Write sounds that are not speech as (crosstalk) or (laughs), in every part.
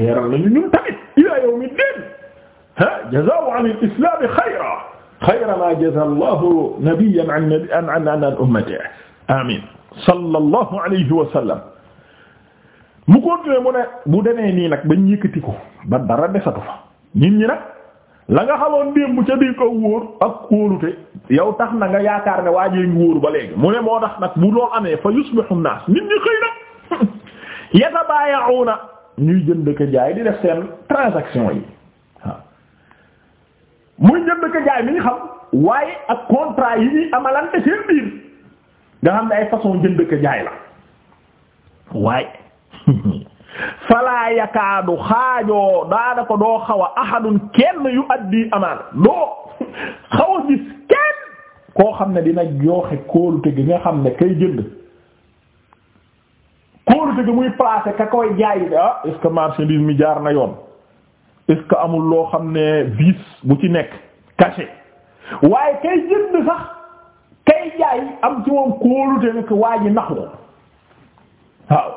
leeral nañu ñun tamit ila yawmi din ha jazaa an al-islam xayra xayra ma jazaa Allahu nabiyyan an an an an amin sallallahu alayhi wa mu continuer mu bu demee nii nag bañ yëkkati ko ba dara desatu fa nit ñi nag la nga xamoon démb ca di ko ak wóorute yow tax na nga yaakaar ne waajee ngi wóor ba léegi mu ne moo tax nag bu lool amee fa yusbihu an-nas nit ñi xëy na (laughs) yatabaaya'una ñuy jënd ko jaay di def seen transaction yi muy jënd ko jaay mi xam waaye ak contrat yi ñuy amalante seen biir nga xam ne ay façon jënd ko jaay la waaye (laughs) falaa yakaadu xaajoo daana ko doo xaw a kenn yu addi amaana doo (laughs) xaw gis kenn koo xam ne dina joxe kóolute gi nga xam ne kay jënd kóolute gi muy placé ka koy jaay ah est-ce que marchandise mi jaar na yoon est amul loo xam ne vice bu ci nekk caché waaye kay jënd sax kay jaay am ci moom kóolute ne waa ji nax la waaw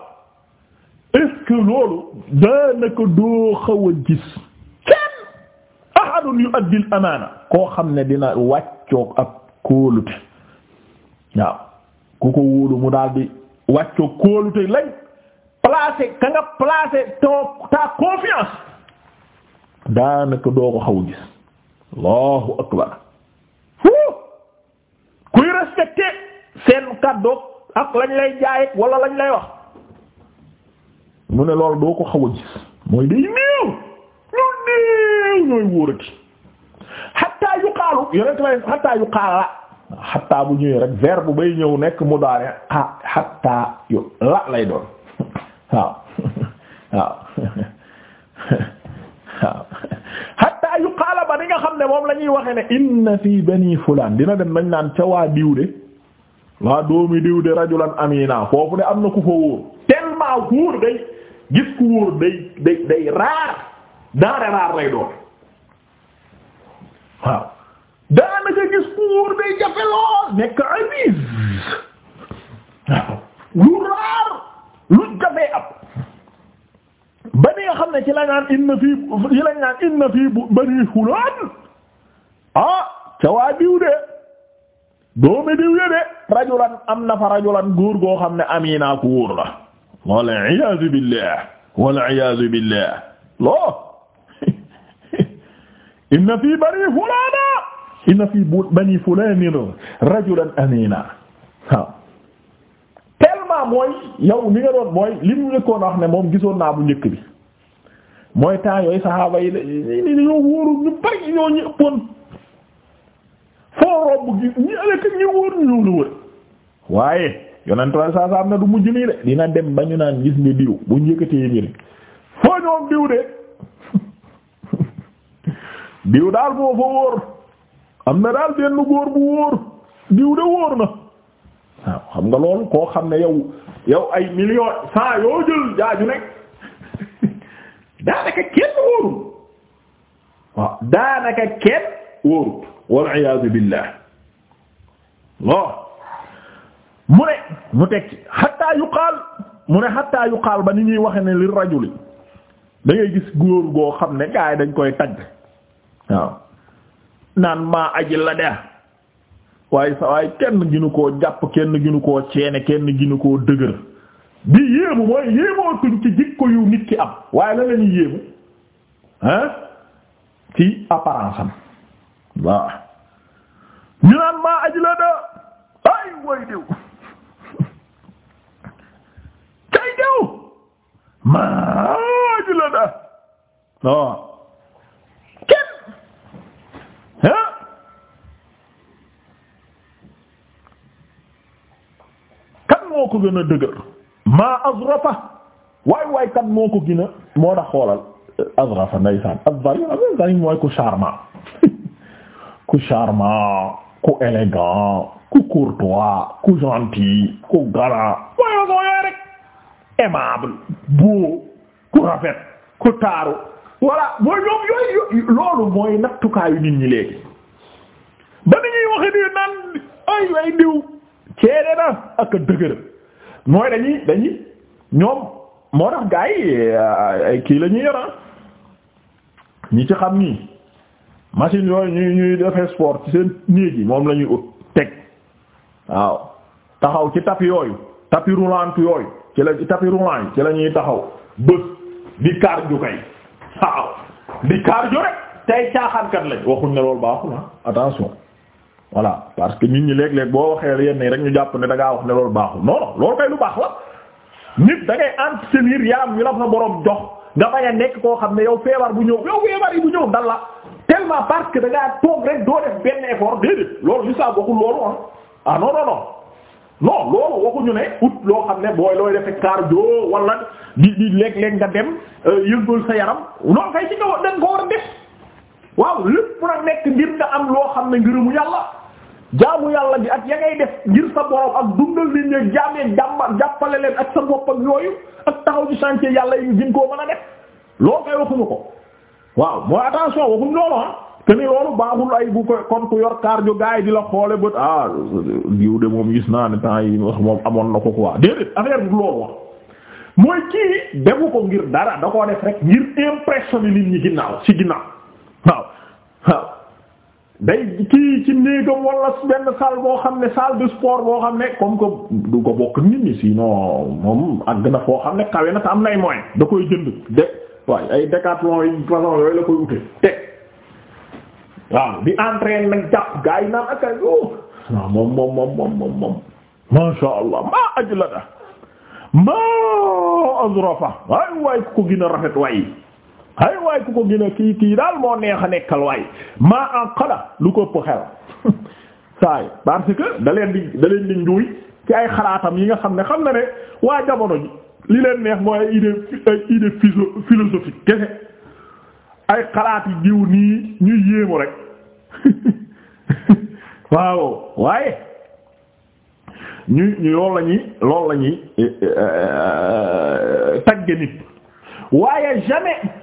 est loolu daanaka doo xaw a gis kenn ahadun yu'addi al-amaana koo xam ne dina wàccoog ak kóolute waaw ku ko wóolu mu daldi wàccoo kóolute lañ placé ka nga placé ton confiance daanaka doo ko xaw gis allahu akbar fuu kuy respecté seen kàddoog ak lañ lay jaay wala lañ lay wax mu ne loolu doo ko xaw a gis mooy day néew ñu néew ñooy wóorati xatta yuqaalu yonent ma xatta yuqaala xatta bu ñëwee rek verbe bay ñëw nekk mu daane ah xatta yu la lay doon waaw (laughs) waaw (laughs) waaw xatta yu xaala ba xam ne moom la ñuy waxee ne inna fii bani fulaan dina dem nañ naan ca waa diw de waa doomi diw de rajulan amina foofu de am na ku fa wóor tellement wóor day gis ku wóor day day day raar daare raar lay doon waaw daanaka gis pour day jafe lool nekk aziz waaw lu raar lu jafee ab ba ni nga xam ne ci la naan inna fii ci la naan inna fii bani fulaan ah ca waa diw de doomi diw de rajulan am na fa rajulan góor goo xam ne amina ku wóor la wal iyaazu billah wal iyaazu billah loo (laughs) inna fii bani fulaana inna fi bani fulan rajulan amina waaw tellement mooy yow li nga doon mooy li mu wax ne moom gisoon naa bu njëkk bi mooy temps yooyu saxaaba yi ni ni ñoo wóoru ñu bari ñoo ñu ëppoon foo romb gi ñu ëllëg ñu wóor ñu lu na du mujj nii de dina dem ba naan gis nga diw bu njëkkatee mbir foo ñoom diw de (laughs) diw daal boo fa wóor am na daal benn góor bu wóor diw de wóor na waaw xam nga loolu koo xam ne yow yow ay million cent yoo jël jaaju nekk (laughs) daanaka kenn wóorul waaw daanaka kenn wóorul wal iyaazu billaah mu ne mu tekki ba ni ñuy waxe ne li rajuli da ngay gis góor goo xam ne gaay dañ koy tagg waaw naan maa aji la de waaye sa waaye kenn ginu ko jàpp kenn ginu ko ceene kenn ginu koo dëgër bi yéemu mooy yéemootuñ ci jikko yu nit ki am waaye la lañuy yéemu hein ci apparence am waaw ñu naan maa aji la de ay way diw kay (laughs) diw maa aji la de waaw ko gën a dëgër maa azrafa waay waay kat moo ko gën moo tax xoolal azrafa ndeysaan az-zarim az mooy ku charmant (laughs) ku charmant ku élégant ku courtois ku gentil ku galant mooy loolu mooy nattukaayu nit ñi léegi ba ni ñuy waxe ay way diw ceede na ak a dëgër mooy dañuy dañuy ñoom moo tax gars yi euh, kii la ñuy yora ah. ñi ci xam nii machine yooyu ñuy ñuy defee sport ci seen néeg yi moom la ñuy ut teg waaw taxaw ci tapis yooyu tapis roulant yooyu ci la tapis roulant ci la ñuy taxaw bës di cardio kay waaw di cardio rek tey caaxaankat lañ waxuñ ne baaxul ah attention. voilà parce que nit ñi léeg-léeg boo waxee yenn yi rek ñu jàpp ne da ngaa wax ne loolu baaxul non loolu kay lu baax la nit da ngay entretenir yaram yu la fa borom jox nga bañ nekk koo xam ne yow feebar bu ñëw yow feebar yi bu ñëw dal la tellement parce que da ngaa toog ah ah loo xam ne booy looy defee cardio wala di di léeg-léeg dem euh, yaram loolu kay ci nga da nga ko war a def waaw lépp nag nekk ngir nga am loo xam ne ngërëmu yàlla. jaamu yàlla bi ak ya ngay def ngir sa borom ak dundal li ñu jaamee jàppale leen ak sa bopp ak yooyu ak taxaw ci chantier yàlla yi gin koo mën a def loolu kay waxuñu ko waaw mooy attention waxuñu loolu ah te ni loolu baaxul ay bu ko kon ku yor cardio gars yi di la xoole bët ah diw de moom gis naa ne temps yi wax moom amoon na ko quoi déedéet affaire bi loolu wax mooy kii defu ko ngir dara da koo def rek ngir impressionner nit ñi ginnaaw ci ginnaaw waaw day kii ci néegam wala benn salle boo xam ne salle de sport boo xam ne comme que du ko bokk nit ñi sinon moom àgg na foo xam ne kawe na te am nay moyen da koy jënd de waaye ay décathlon yi façon yooyu la koy wute te waaw di entraîne nag jàpp gars yi naan ak ay oh waaw moom moom moom moom moom moom masha Allah maa ajlada maa azrafa waay waay ko gën a rafet waay ay waay ku ko gën a kii kii daal moo neex a nekkal waay maa anqada lu ko ëpp xel (laughs) saay parce que da leen di da di njuuy ci ay xalaatam yi nga xam ne xam na ne waa jamono ji li leen neex mooy ay idée ay idée philosophique kese ay xalaat yi jiw nii ñuy yéemu rek (laughs) waaw waaye ñu ñu loolu la ñuy eh, eh, eh, tagge nit waaye jamais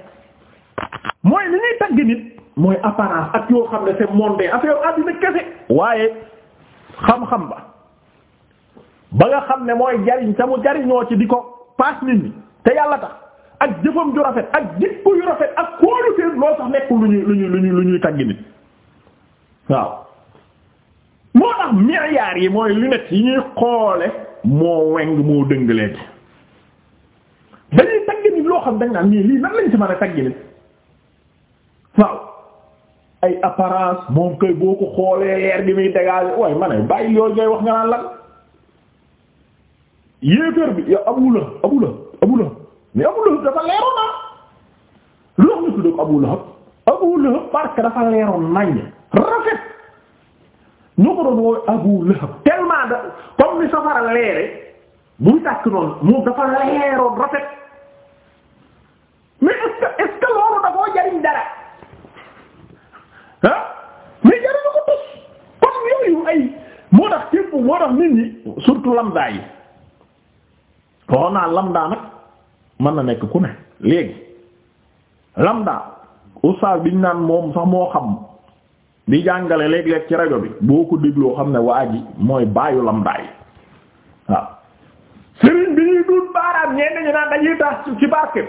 mooy li ñuy tagg nit mooy apparence ak yoo xam ne c'est mondain affaire àddina kese waaye xam-xam ba ba nga xam ne mooy jariñ te mu jariñoo ci di ko paas nit ñi te yàlla tax ak jëfam ju rafet ak jikko yu rafet ak kóolu seen loolu sax nekkul lu ñuy lu ñuy lu ñuy lu nit waaw moo tax milliards yi mooy lunettes yi ñuy xoole moo weng moo dëng léegi dañuy tagg nit loo xam dañ naan nii lii nan lañ ci mën a tagg nit waaw ay apparence moom kay boo ko xoolee leer gi muy dégager waaye ma ne bàyyi yooyu ngay wax nga naan lan yéeféer bi Abu Lahab Abu Lahab Abu Lahab mais Abu Lahab dafa leeroon na ah. lu rafet ñoo ko doon woowe Abu Lahab tellement comme ni safara leere buy tàkk noonu moom dafa leeroon rafet tax nit ñi surtout lambda yi waxoon naa lambda nag mën na nekk ku ne léegi lambda oustaz biñ naan moom sax moo xam di jàngale léeg-léeg ci rajo bi boo ko dégloo xam ne waa ji mooy baayu lambda sëriñ bi ñuy duut baaraam ñenn ñu naan dañuy tax ci barke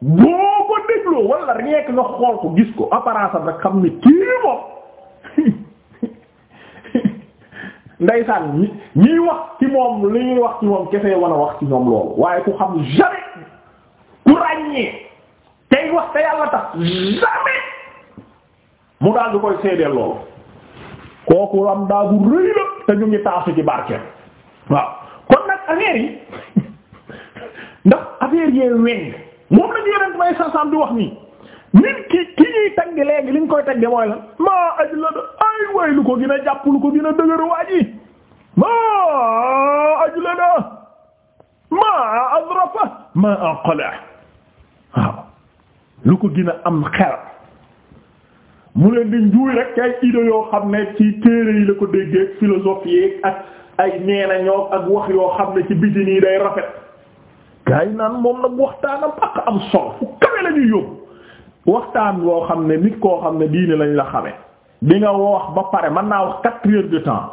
boo ko dégloo wala rien nga xool ko gis ko apparence rek xam ne kii moom (laughs) ndaysaan ñi ñiy wax ci moom li ñuy wax ci moom kefee wan wax ci ñoom loolu waaye ku xam jamais ku ràññee tey wax te yàlla tax jamais mu daal du koy seedeel loolu kooku am daa bu te ñu ngi taasu ci barkeem waaw kon nag affaire yi (laughs) ndax affaire yee weñ moom la ñu yeneen may sasam di wax nii nit ki ki ñuy tagg léegi li ñu koy tagge mooy lan maa aj la da ay way lu ko gën a jàpp lu ko gën a dëgër waaj yi maa aj la da maa azrafa maa aqla waaw lu ko gën a am xel mu leen di njuuy rek ay idées yoo xam ne ci téere yi la ko déggee philosophie yi ak ay neena ñoo ak wax yoo xam ne ci biti nii day rafet gaa yi naan moom nag waxtaanam ak am solo fu kawe lañuy yóbbu waxtaan boo xam ne nit koo xam ne diine lañu la xame di nga wax ba pare man naa wax quatre heures de temps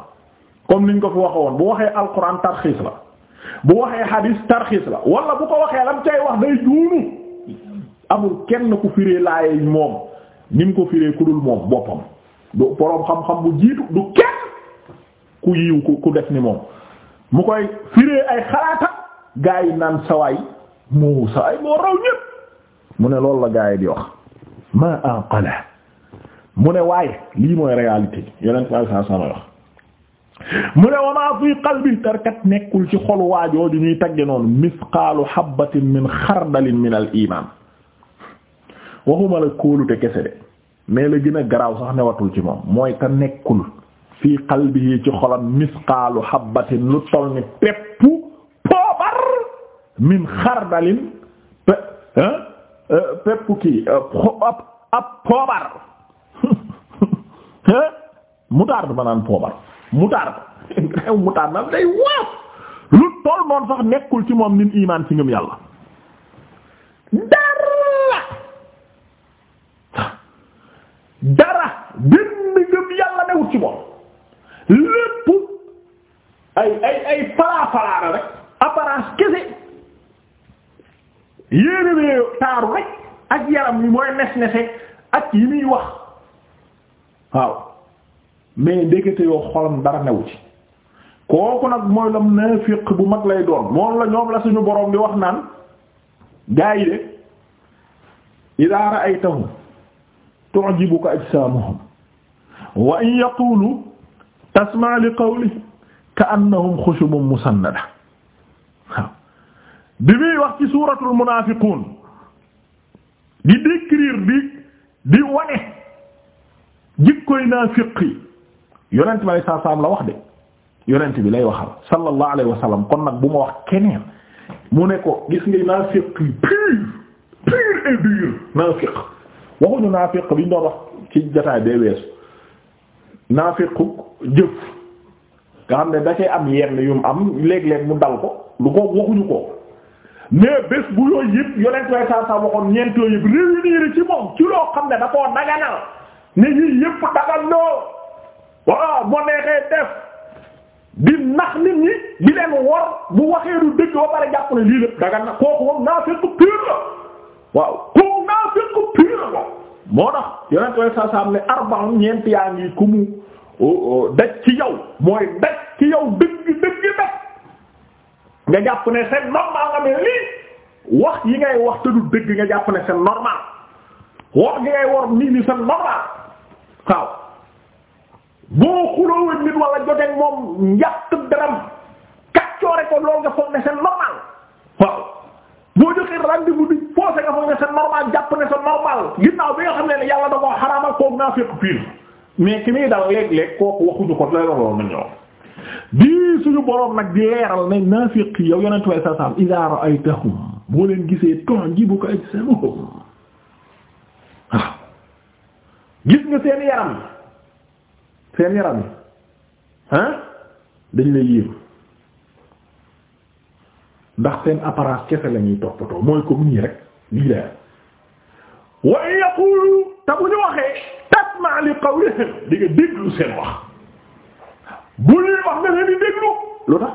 comme ñu ko fi waxe woon bu waxee alquran tarxiis la bu waxee hadis tarxiis la wala bu ko waxee lam cay wax day juunu amul kenn ku firee laa moom ni ko firee ku dul moom du boroom xam bu jiitu du kenn ku yiw ni moom mu koy firee ay xalaata gaa yi naan sawaay moo sawaay moo raw ñépp mu ne loolu la gaa yi di wax ma anqala mu ne waaye lii mooy réalité yonent sallallahu alayhi wasallam wax mu ne wa fi qalbi tarkat nekkul ci xolu waajooju ñuy tagge noonu misqaalu habbatin min xardalin min al iman waxuma la kóolute kese de mais la gën a garaaw sax watul ci moom mooy te nekkul fii qalbihi ci xolam misqaalu habbatin lu toll ni peppu poobar min xardalin pe hein Euh, pepp kii euh, ab ab poobar (laughs) moutarde ma naan poobar moutarde réew (laughs) moutarde nag day waaw lu toll noonu sax nekkul ci moom nin imaan ci ngëm yàlla dara dara benn ngëm yàlla newut ci moom lépp ay ay ay fala falaara rek apparence kese yéene bee taaru rek ak yaram yi mooy nes nese ak yi muy wax waaw mais ndekete yoo xolam dara newu ci kooku nag mooy la munaafiq bu mag lay doon moom la ñoom la suñu borom bi wax naan gaa yi de idaa ra'aytahum tu'jibuka ajsaamuhum wa in yaqulu tasma' li qawlihim ka'annahum xushubun musannada bi muy wax ci suuratul munaafiquun di décrire di di wane jikkoy naafiq yi yonent bi la wax de bi lay waxal sallallahu alayhi kon nag bu ma wax keneen mu ne ko gis nga naafiq yi pur pur et dur waxuñu naafiq bi ñu doon wax ci jotaay bee weesu naafiqu jëf nga xam ne da am yenn yu mu am léeg-léeg mu dal ko lu ko waxuñu ko. mais bés bu yooyu yëpp yonent way saa saa waxoon ñeent yooyu yëpp réunir ci moom ci loo xam ne da koo daganal ne yii yëpp dagal loo waaw boo neexee def di nax nit ñi di leen wor bu waxee dëgg ba pare jàpp ne lii lépp dagal na kooku moom naa fekk pire la waaw kooku naa fekk pire la moo tax yonent way saa saa am ne arba'un yaa ngi ku mu oh, oh, ci yow mooy daj ci yow dëgg dëgg dëgg nga jàpp ne c'est normal nga mel lii wax yi ngay wax te du dëgg nga jàpp ne c'est normal wax yi ngay war nit ñi c'est normal waaw boo xuloo nit wala joteeg moom njàpp daram kaccoore ko lool nga foog ne c'est normal waaw boo joxee rendez-vous di forcé nga foog ne c'est normal jàpp ne c'est normal ginnaaw bi nga xam ne yàlla da koo xaraamal kooku naa fekk pire mais ki muy dal léeg-léeg kooku waxuñu ko looloo ma ñëw. bii suñu boroom nag di leeral ne naafiq yow yonentu way sa sam idaa ra'aytahum boo leen gisee tu'jibuka ajsamuhum waaw gis nga seen yaram seen yaram ah dañ lay yéem ndax seen apparence kese la ñuy toppatoo mooy comme rek lii la wa yaqulu te bu ñu waxee tasma li qawlihim di nga déglu seen wax bu lii wax nga leen di déglu lu tax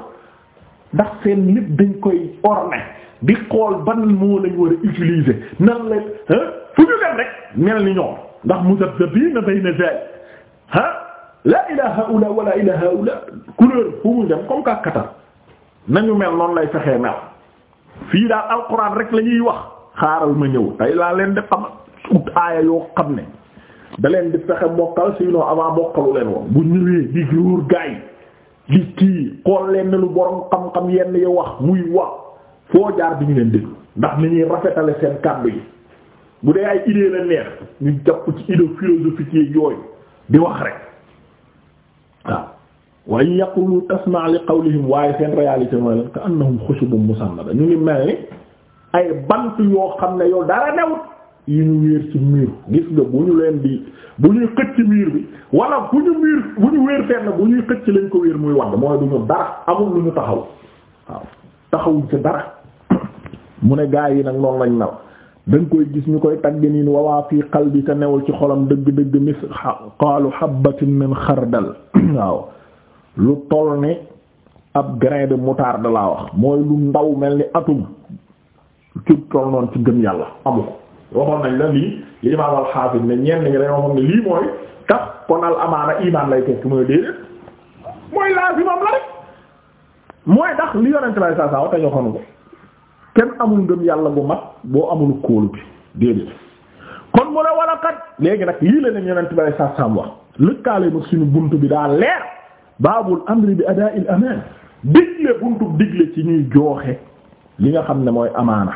ndax seen lépp dañ koy orner di xool ban moo lañ war a utiliser nan la fu ñu dem rek mel ni ñoom ndax muzabzabina bayna zalik ah la ila haula wala ila haula couleur fu mu dem comme kàkkatar nañu mel noonu lay fexee mel fii daal alquran rek la ñuy wax xaaral ma ñëw tey laa leen di xamal ut aaya yoo xam ne da leen di fexe mokkal sinon avant mokkalu leen woon bu ñëwee di ruur gaay di kii xool leen ne lu borom xam-xam yenn yi wax muy wax foo jaar bi ñu leen déglu ndax ni ñuy rafetale seen kàddu yi bu dee ay idée la neex ñu jàpp ci idée philosophique yi yooyu di wax rek waaw wa in yaqulu tasma' li qawlihim waaye seen réalité mooy leen musannada ñu ngi mel ni ay bant yoo xam ne yow dara newut yi ñu wéer ci miir gis nga bu ñu leen di bu ñuy xëcc miir bi wala bu ñu miir bu ñu wéer fenn bu ñuy xëcc lañ ko wéer muy wax mooy du ñu dara amul lu ñu taxaw waaw taxawuñ ci dara (coughs) mu ne gaa yi nag noonu lañ nal da koy gis ñu koy tagg niin wawaa fii qalbi te newul ci xolam dëgg-dëgg mis qaalu habatin min xardal (coughs) waaw lu toll ni ab grain de moutarde laa wax mooy lu ndaw mel ni atum ci toll noonu ci gën yàlla amu waxoon nañ la lii li imaam al-Hafiz ne ñenn ñi dañoo xam lii mooy tax kon al amaana imaan lay tekki mooy déedéet mooy laazimam la rek mooy ndax li yonent lay saa saa kenn amul ngëm yàlla bu mat boo amul kóolu bi déedéet kon mu ne wala kat léegi nag lii la ne yonent lay saa wax lëkkaale mag suñu bunt bi daa leer baabul amri bi adaa'il amaan digle buntu digle ci ñuy jooxe li nga xam ne mooy amaana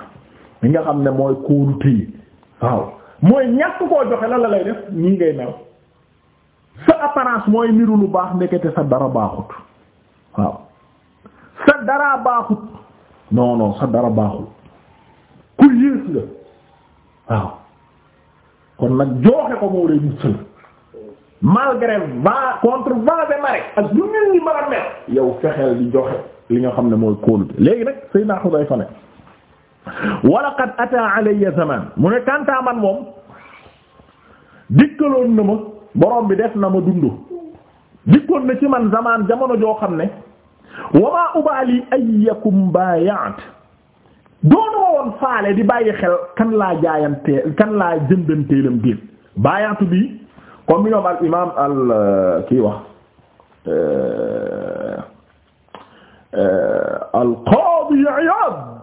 li nga xam ne mooy kóolu tëye waaw mooy ñàkk koo joxe la la lay def nii ngay mel sa apparence mooy niru lu baax ndekete sa dara baaxut waaw sa dara baaxut non sa dara baaxul ku yées la waaw kon nag joxe ko moo lay muccal malgré va contre vents et marées ak ñu mel ni mën mel yow fexeel di joxe li ñoo xam ne mooy kóolu léegi nag Seydina Xudayfa ne wa laqad ataa alayya zaman mu ne kantaa man moom dikkaloon na ma borom bi def na ma dund dikkoon na ci man zaman jamono joo xam ne wa maa ubaali ayyakum baaya'at doonu ma woon faale di bàyyi xel kan laa jaayantee kan laa jëndanteelam diin baayaatu bi comme bi ñoom al imaam al euh, kii wax euh, euh, al qaadi Iyaad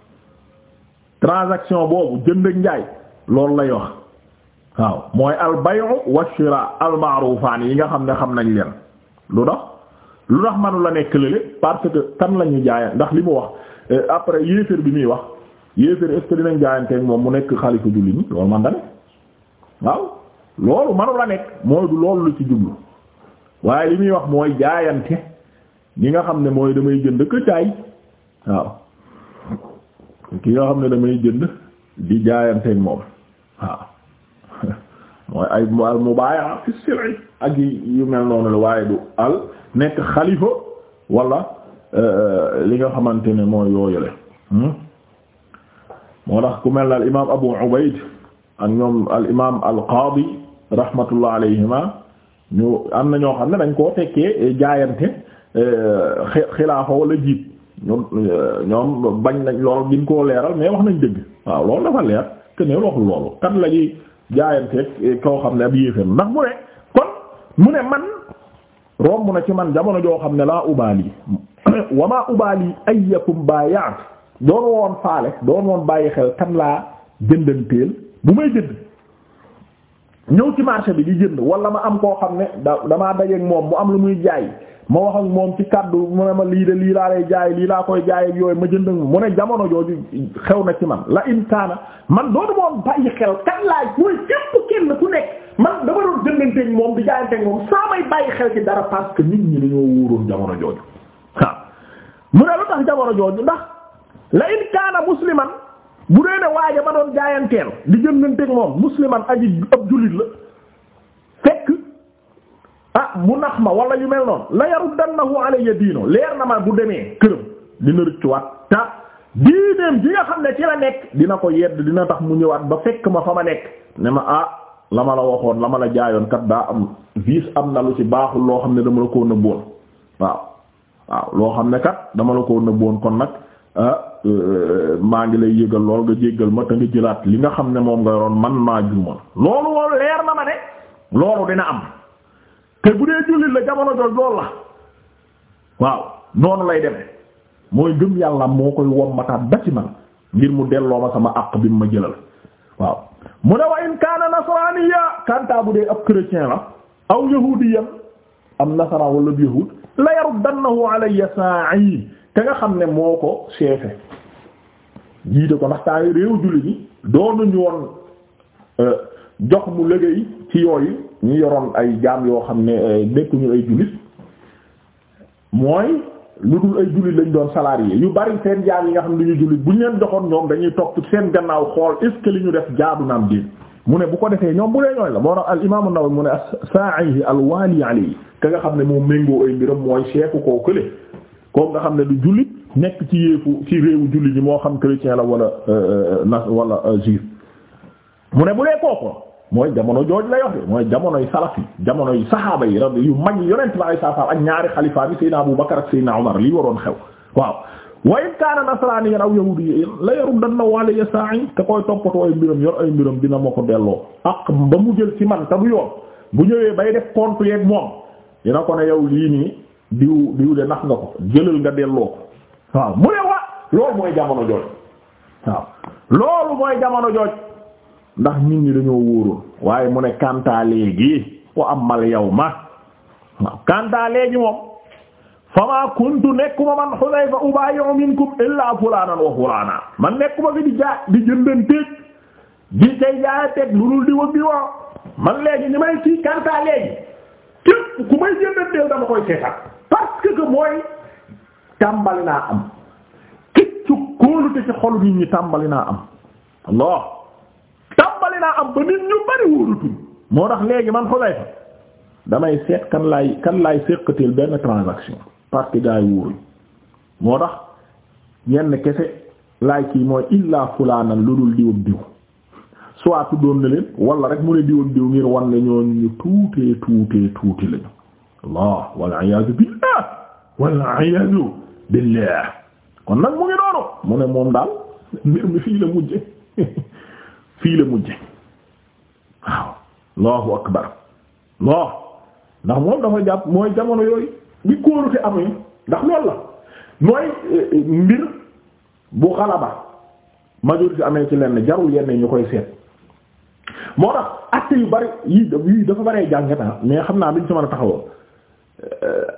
transaction boobu jënd ak njaay loolu lay wax waaw mooy al bay'u wa shira al ma'rufaan yi nga xam ne xam nañ leen lu tax lu tax manu la nekk parce que tan la ñu jaaya ndax li mu wax eh, après yéeféer bi muy wax yéeféer est-ce que moom mu nekk xalifa julli ñi loolu man da waaw loolu manu nekk mooy du loolu lu ci jublu waaye li muy wax mooy jaayante ñi nga xam ne mooy damay jënd ak jaay waaw ki nga xam ne damay jënd di jaayanteeg moom waaw mooy ay al fi sirri ak yu mel noonu la waaye du al nekk xalifa wala euh, li nga xamante ne mooy yooyule hmm? moo tax ku mel ne al imaam Abu Ubayd ak ñoom al imaam al qaadi rahmatullah alayhima ñu am na ñoo xam ne dañ koo tekkee jaayante euh, xilaafa wala jiit ñoom euh, ñoom bañ nañ lool gin koo leeral mais wax nañ dëgg waaw loolu dafa leer te ne waxul loolu kan la ñuy eh, koo xam ne ab yéefam ndax mu ne kon mu ne man romb na ci man jamono joo xam ne laa yi (coughs) wa maa ubaali ayyakum baayaat doon woon faale doon woon bàyyi xel kan laa jëndanteel bu may jënd. ñëw ci marché bi di jënd wala ma am koo xam ne da damaa dajeeg moom mu am lu muy jaay ma wax moom ci kaddu mu ne ma lii de lii laa lay jaay lii laa koy jaay ak yooyu ma jënd mu ne jamono jooju xew na ci man la intaana man man dama doon jëndanteeg moom di jaayanteeg moom saa may bàyyi xel ci dara parce que nit ñi dañoo wóoroon jamono jooju mu ne lu tax jamono jooju ndax la intaana musliman bu dee ne waaja ma doon jaayanteel di jëndante ak moom musliman aji ab jullit la fekk ah mu nax ma wala yu mel noonu la yaruddannahu alayya diino leer na ma bu demee këram dina rëccuwaat ta diineem ji xam ne ci la nekk dina ko yedd dina tax mu ñëwaat ba fekk ma fa ma nekk ne ma ah la ma la waxoon la ma la jaayoon kat daa am vice am na lu ci baaxul loo xam ne dama la ko nëbboon waaw waaw loo xam ne kat dama la ko nëbboon kon nag Ah, euh, maa ngi lay yëgal lool nga jéggal ma te nga jëlaat li nga xam ne moom nga yoroon man maa juumal loolu moom leer na ma ne loolu dina am te bu dee jullit la jamono jooju loolu la waaw noonu lay demee mooy gëm yàlla moo koy wommataat ba ci man ngir mu delloo ma sama àq bi mu ma jëlal waaw mu ne wa in kaana nasraniya kanta bu dee ab chrétien la aw yahudiyan am nasara wala yahud la yaruddannahu alayya sa'i te nga xam ne moo ko chef jiite ko ndax temps yi réew julli ñi doonuñu woon euh, jox mu liggéey ci yooyu ñu yoroon ay jaam yoo xam ne euh, nekkuñu ay jullit mooy lu dul ay jullit lañ doon salarié yu bari seen jaam yi nga xam ne duñu jullit bu ñu leen joxoon ñoom dañuy topp seen gannaaw xool est li ñu def jaadu naam di mu ne bu ko defee ñoom bu dee ñooy la moo tax al imaamu Nawawi mu ne as-sa'i yi wali alayhi ka nga xam ne moom méngoo ay mbiram mooy chef koo kooku nga xam ne du jullit nekk ci yéefu ci réewu jullit yi moo xam chrétien la wala euh, euh, na wala euh, juif mu ne bu dee kooku mooy jamono jooj la yoxe mooy jamonoy salaf yi jamonoy saxaaba yi rab yu mag yonent ba ay saafara ak ñaari xalifaa bi Seydina Abu Bakar ak Seydina Umar lii waroon xew waaw wa in kaana nasraaniyan aw yahudiyyan la yaruddannahu alayya saa'i te koy toppatoo ay mbiram yor ay mbiram dina ma ko delloo ak ba mu jël ci man te du yoon bu ñëwee bay diw diw de nax nga ko jëlal nga delloo ko waaw mu ne wa loolu mooy jamono jooj waaw loolu mooy jamono jooj ndax nit ñi dañoo wóorul waaye mu ne kantaa léegi wa amal ma waaw kantaa léegi moom famaa kuntu nekkuma man Hudayfa ubayi'u minkum illaa fulaanan wa fulaanan man nekkuma fi di jaa di jëndanteeg di tay jaayateeg lu dul di wa bi man léegi ni may kii kantaa léegi képp ku may jëndanteel dama koy seetal parce que mooy tàmbali naa am kiccu kóolute ci xol nit ñi tàmbali naa am Allah tàmbali naa am ba nit ñu bari wóorutul moo tax léegi man xolay fa damay seet kan laay kan laay séqateel benn transaction parce que gaa yi wóoruñ moo tax yenn kese laay kii mooy illaa fulaanan lu dul diwum diw soit tuddoon na leen wala rek mu ne diwum diw ngir wan ne ñooñu tuutee tuutee tuuti lañu allah wal iyaadu billah wal iyaadu billah kon nag mu ngi noonu mu ne moom daal mbir mi fii la mujje (laughs) fii la mujje waaw allahu akbar allah ndax moom dafa jàpp mooy jamono yooyu bi kóorute amee ndax lool la mooy eh, eh, mbir bu xalaba majorité amee ci lenn jarul yenn ñu koy seet moo tax acte yu bari yi dafa baree jàngat ah, mais xam naa duñ ci mën a taxawoo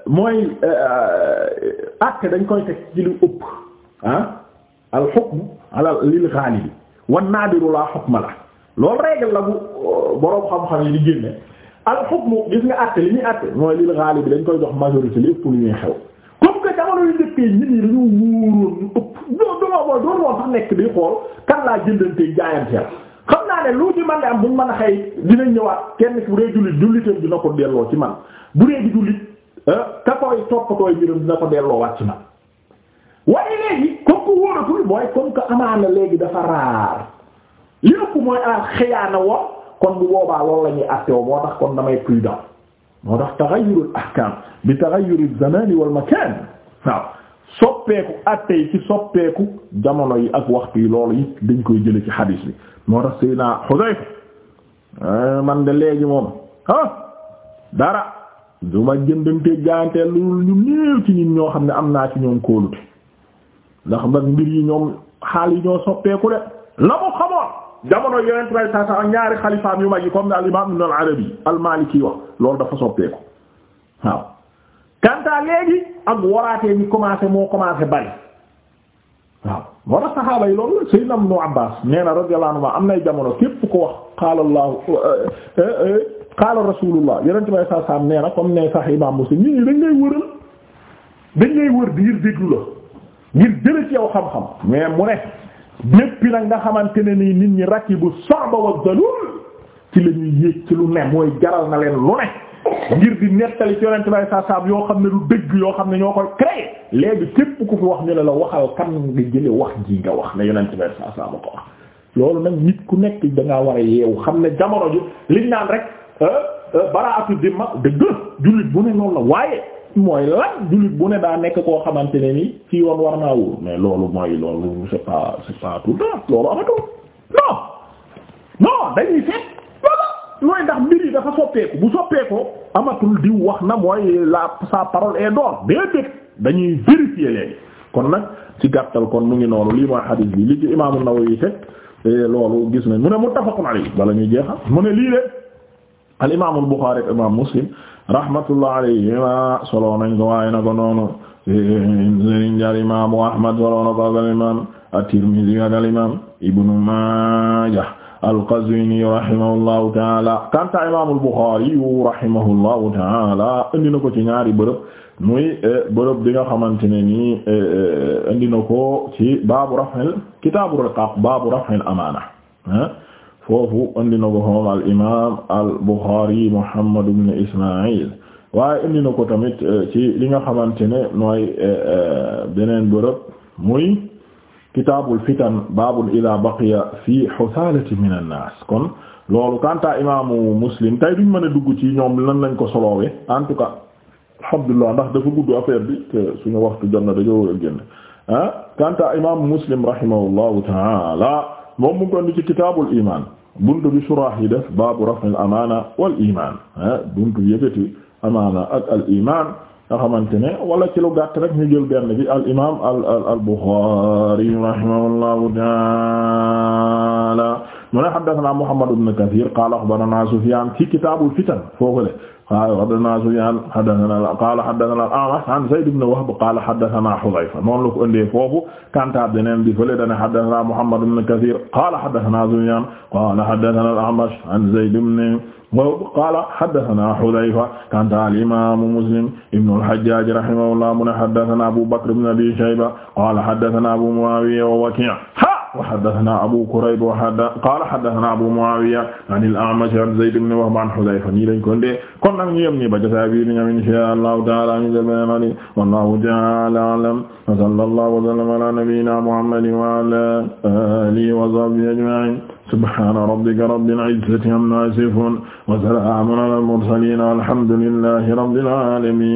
mooy euh, euh, acte dañ koy teg ci lu ëpp ah al hukm ala lil ghalib wan nadiru la hukma la loolu règle la bu euh, boroom xam-xam yi di génne al hukm gis nga acte li ñuy acte mooy lil ghalib dañ koy jox majorité li ëpp lu ñuy xew comme que jamono yu lu ëpp nekk di xool kan laa jëndantee jaayanteel xam naa ne lu ci man de am buñ mën a xëy dinañ ñëwaat kenn bu dee jullit jullitam dina ko delloo ci man bu dee di jullit Euh, ka koy toppatooy mbiram dina ko delloo wàcc na waaye léegi comme que wóoratul mooy comme que amaana léegi dafa raar lépp mooy al ah, xiyaana woon kon bu boobaa loolu la ñuy àtteewoo moo tax kon damay prudent moo tax taghayyurul ahkam bi taghayyuriz zaman wal makan soppeeku àtte yi ci soppeeku jamono yi ak waxtu yi loolu it dañ koy jële ci xadiis bi moo tax Seydina Xudayfa eh, man de léegi moom ah dara. du ma jëndante jaayanteel loolu ñu néew ci ñun ñoo xam ne am naa ci ñoom kóolute ndax nag mbir yi ñoom xaal yi ñoo soppeeku de la mu xamoon jamono yonent yu mag yi comme ne al imaam Ibn al wax loolu dafa soppeeku waaw kantaa léegi ak waraatee moo commencé bari moo tax saxaaba yi loolu Seydina Ibn Abbaas nee na radiyallahu anhu jamono képp ko wax qaala qaala rasulullah yonent bi saa saam nee na comme ne sax imam muslim nit ñi dañ lay wëral dañ lay wër di ngir déglu la ngir jële ci yow xam-xam mais mu ne ñéppi nag nga xamante ne nit ñi rakibu sa'ba wa dalul ci la ñuy yéeg ci lu ne mooy jaral na leen lu ne ngir di nettali ci yonent bi saa yoo xam ne lu dëgg yoo xam ne ñoo koy créé léegi képp ku fi wax ñu ne la waxal kan nga jële wax ji nga wax ne yonent bi saa saam wax loolu nag nit ku nekk dangaa war xam ne jamono ji naan rek Euh, euh, baraatu dimma dëgg jullit bu ne noonu la waaye mooy lan jullit bu ne daa nekk koo xamante ne ni ci yoon war naa wóor mais loolu mooy loolu c'est pas c'est pas tout à loolu amatul non non dañuy seet voilà wax na mooy la sa parole est d'or déedéet dañuy nag ci gàttal kon mu ngi noonu lii mooy xadiis bi li ci imaamu Nawawi teg loolu gis nañ mu ne muttafaqun alayhi bala ñuy jeexal mu ne lii de. al imam al Bukhari ak imam Muslim rahmatullah alayhima soloo nañ ko waaye na ko noonu sëriñ al imam Ahmad soloo na ko ak al imam at-Tirmidhi ak al imam Ibn Majah al-Qazwini rahimahullahu taala kanta imam al Bukhari rahimahullahu taala indi na ko ci ñaari bërëb muy e, bërëb bi nga xamante ne nii e, e, indi na ko ci baabu raf'il kitaabu riqaaq baabu raf'il amaana foofu indi na ko moom al imaam al Buxaari Muhammad ibn Ismaa'il waaye indi na ko tamit eh, ci li nga xamante ne mooy eh, eh, beneen bërëb muy kitaabul fitan baabun idaa baqiya fii xusaalati min an-naas kon loolu kanta imaamu Muslim tey duñ mën a dugg ci ñoom lan lañ ko soloowe en tout cas alhamdulillah ndax dafa gudd affaire bi te suñu waxtu jot na dañoo war a génn ah kanta imaamu Muslim rahimahullahu ta'ala moom mu ngi doon ci kitaabul imaan buntu bi suraax yi def baabu raf'il amaana wal imaan ah buntu yëkkati amaana ak al imaan nga xamante ne wala ci lu gàtt rek ñu jël benn bi al imaam al al al Buxaari rahimahullahu taala mu ne haddathana Muhammad ibn Kathir qaala akhbarana Sufyan fi kitaabul fitan foofule qaala haddathana Sufyan haddathana qaala haddathana al-A'mash an Zayd ibn Wahb qaala haddathana Hudhayfa noonu la ko ëndee foofu kanta beneen bi fële dana haddathana Muhammad ibn Kathir qaala haddathana Sufyan qaala haddathana al-A'mash an Zayd ibn Wahb qaala haddathana Hudhayfa kanta al-imam Muslim ibn al-Hajjaj rahimahullah mu ne haddathana Abu Bakr ibn Abi Shayba qaala haddathana Abu Muawiya wa Waki' wa haddathana Abu Kurayb wa qaala haddathana Abu Muawiya an al-A'mash an Zayd ibn Wahb an Hudhayfa nii lañ ko ndee kon nag ñu yem nii ba jotaay bi ñu ñam inshaa Allahu ta'ala ñu jël beneen ali wallahu ta'ala a'lam wa sallallahu wa sallama ala nabiyyina Muhammadin wa ala alihi wa sahbihi ajma'in subhana rabbika rabbil izzati amma yasifun wa salamun ala al-mursalin walhamdulillahi rabbil alamin